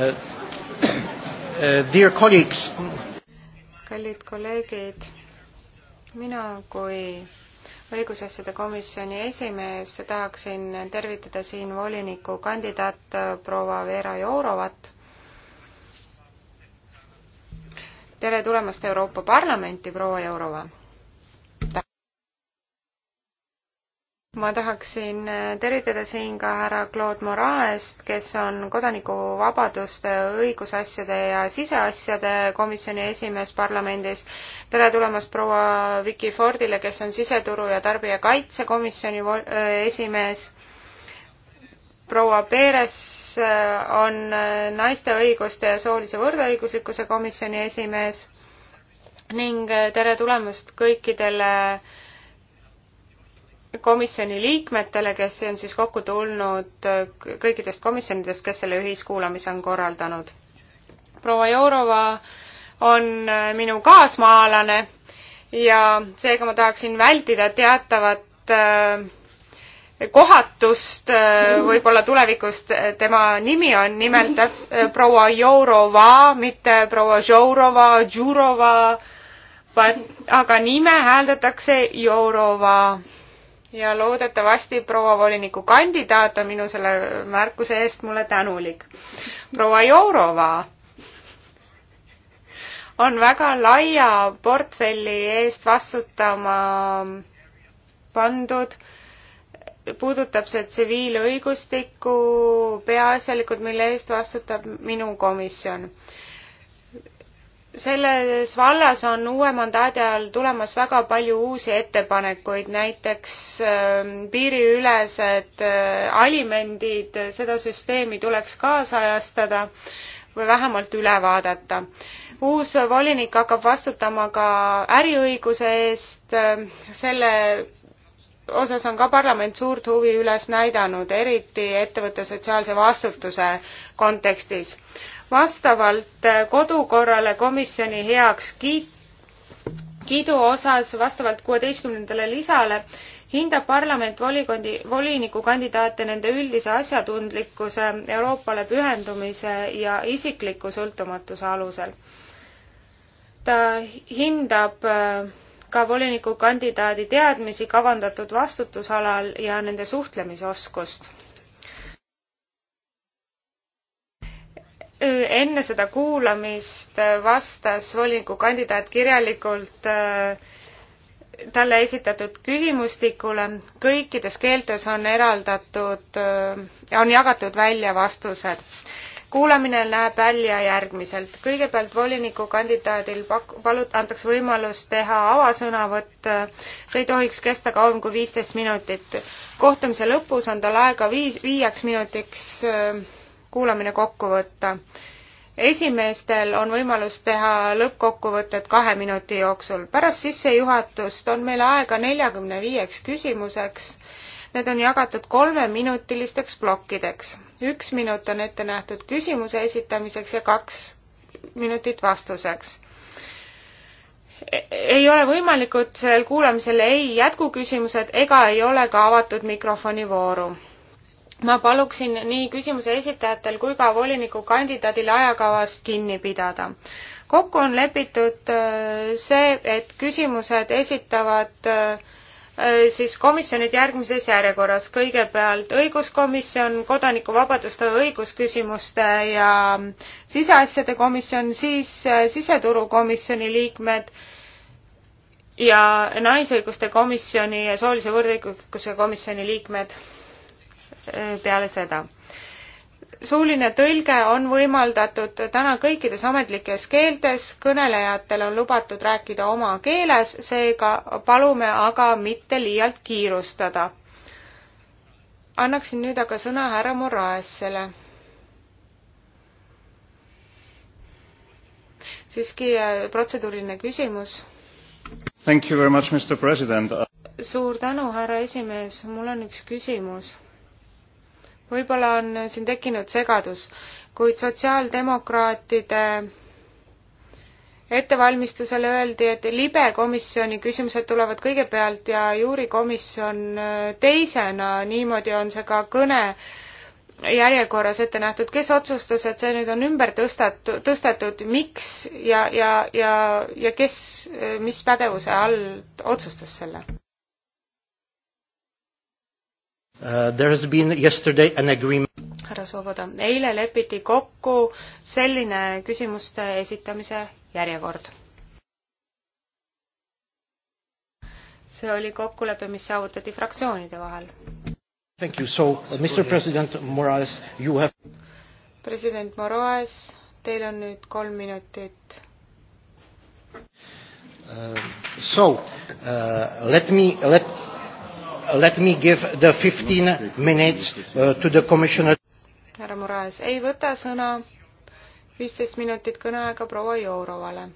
Äh, äh, dear colleagues. kallid kolleegid, mina kui õigusasjade komisjoni esimees tahaksin tervitada siin volinikukandidaat proua Vera Jourovat. tere tulemast Euroopa Parlamenti, proua Jourova ma tahaksin äh, tervitada siin ka härra Claude Moraest, kes on kodanikuvabaduste, õigusasjade ja siseasjade komisjoni esimees parlamendis. tere tulemast proua Vicky Fordile, kes on siseturu ja tarbijakaitsekomisjoni äh, esimees. proua Peeres äh, on naiste õiguste ja soolise võrdõiguslikkuse komisjoni esimees ning tere tulemast kõikidele äh, komisjoni liikmetele, kes on siis kokku tulnud äh, kõikidest komisjonidest, kes selle ühiskuulamise on korraldanud. proua Jourova on äh, minu kaasmaalane ja seega ma tahaksin vältida teatavat äh, kohatust võib-olla tulevikust, tema nimi on nimelt täps-, proua Jourova, mitte proua Žourova, Džurova, aga nime hääldatakse Jourova ja loodetavasti proua volinikukandidaat on minu selle märkuse eest mulle tänulik. proua Jourova on väga laia portfelli eest vastutama pandud, puudutab see tsiviilõigustikku peaasjalikult, mille eest vastutab minu komisjon selles vallas on uue mandaadi ajal tulemas väga palju uusi ettepanekuid, näiteks ähm, piiriülesed äh, alimendid, seda süsteemi tuleks kaasajastada või vähemalt üle vaadata. uus volinik hakkab vastutama ka äriõiguse eest, ähm, selle osas on ka parlament suurt huvi üles näidanud, eriti ettevõtte sotsiaalse vastutuse kontekstis vastavalt äh, kodukorrale komisjoni heaks kiit-, kiidu osas vastavalt kuueteistkümnendale lisale hindab parlament volikondi, volinikukandidaate nende üldise asjatundlikkuse, Euroopale pühendumise ja isikliku sõltumatuse alusel. ta hindab äh, ka volinikukandidaadi teadmisi kavandatud vastutusalal ja nende suhtlemisoskust enne seda kuulamist vastas voliniku kandidaat kirjalikult äh, talle esitatud küsimustikule. kõikides keeltes on eraldatud, äh, on jagatud välja vastused. kuulamine näeb välja järgmiselt. kõigepealt volinikukandidaadil pak-, palut-, antakse võimalus teha avasõnavõtt. see ei tohiks kesta kauem kui viisteist minutit. kohtumise lõpus on tal aega viis, viieks minutiks äh, kuulamine kokku võtta. esimeestel on võimalus teha lõppkokkuvõtted kahe minuti jooksul. pärast sissejuhatust on meil aega neljakümne viieks küsimuseks. Need on jagatud kolmeminutilisteks plokkideks. üks minut on ette nähtud küsimuse esitamiseks ja kaks minutit vastuseks e-, ei ole võimalikud sellel kuulamisel ei jätkuküsimused ega ei ole ka avatud mikrofoni vooru ma paluksin nii küsimuse esitajatel kui ka volinikukandidaadil ajakavast kinni pidada. kokku on lepitud äh, see, et küsimused esitavad äh, siis komisjonid järgmises järjekorras. kõigepealt õiguskomisjon, kodanikuvabaduste õigusküsimuste ja siseasjade komisjon, siis äh, siseturukomisjoni liikmed ja naisõiguste komisjoni ja soolise võrdõiguslikkuse komisjoni liikmed Äh, peale seda. suuline tõlge on võimaldatud täna kõikides ametlikes keeltes, kõnelejatel on lubatud rääkida oma keeles, seega palume aga mitte liialt kiirustada. annaksin nüüd aga sõna härra Moraesele. siiski äh, protseduuriline küsimus. Thank you very much, Mr President. suur tänu, härra esimees, mul on üks küsimus võib-olla on siin tekkinud segadus, kuid sotsiaaldemokraatide ettevalmistusele öeldi, et libe komisjoni küsimused tulevad kõigepealt ja juurikomisjon teisena, niimoodi on see ka kõne järjekorras ette nähtud, kes otsustas, et see nüüd on ümber tõstat-, tõstetud, miks ja, ja, ja, ja kes, mis pädevuse all otsustas selle? Uh, there has been yesterday an agreement härra Svoboda, eile lepiti kokku selline küsimuste esitamise järjekord. see oli kokkulepe, mis saavutati fraktsioonide vahel. Thank you, so uh, Mr President Moraes, you have president Moraes, teil on nüüd kolm minutit uh,. So uh, let me, let let me give the fifteen minutes uh, to the commissioner. härra Moraes ei võta sõna, viisteist minutit kõneaega proua Jourovale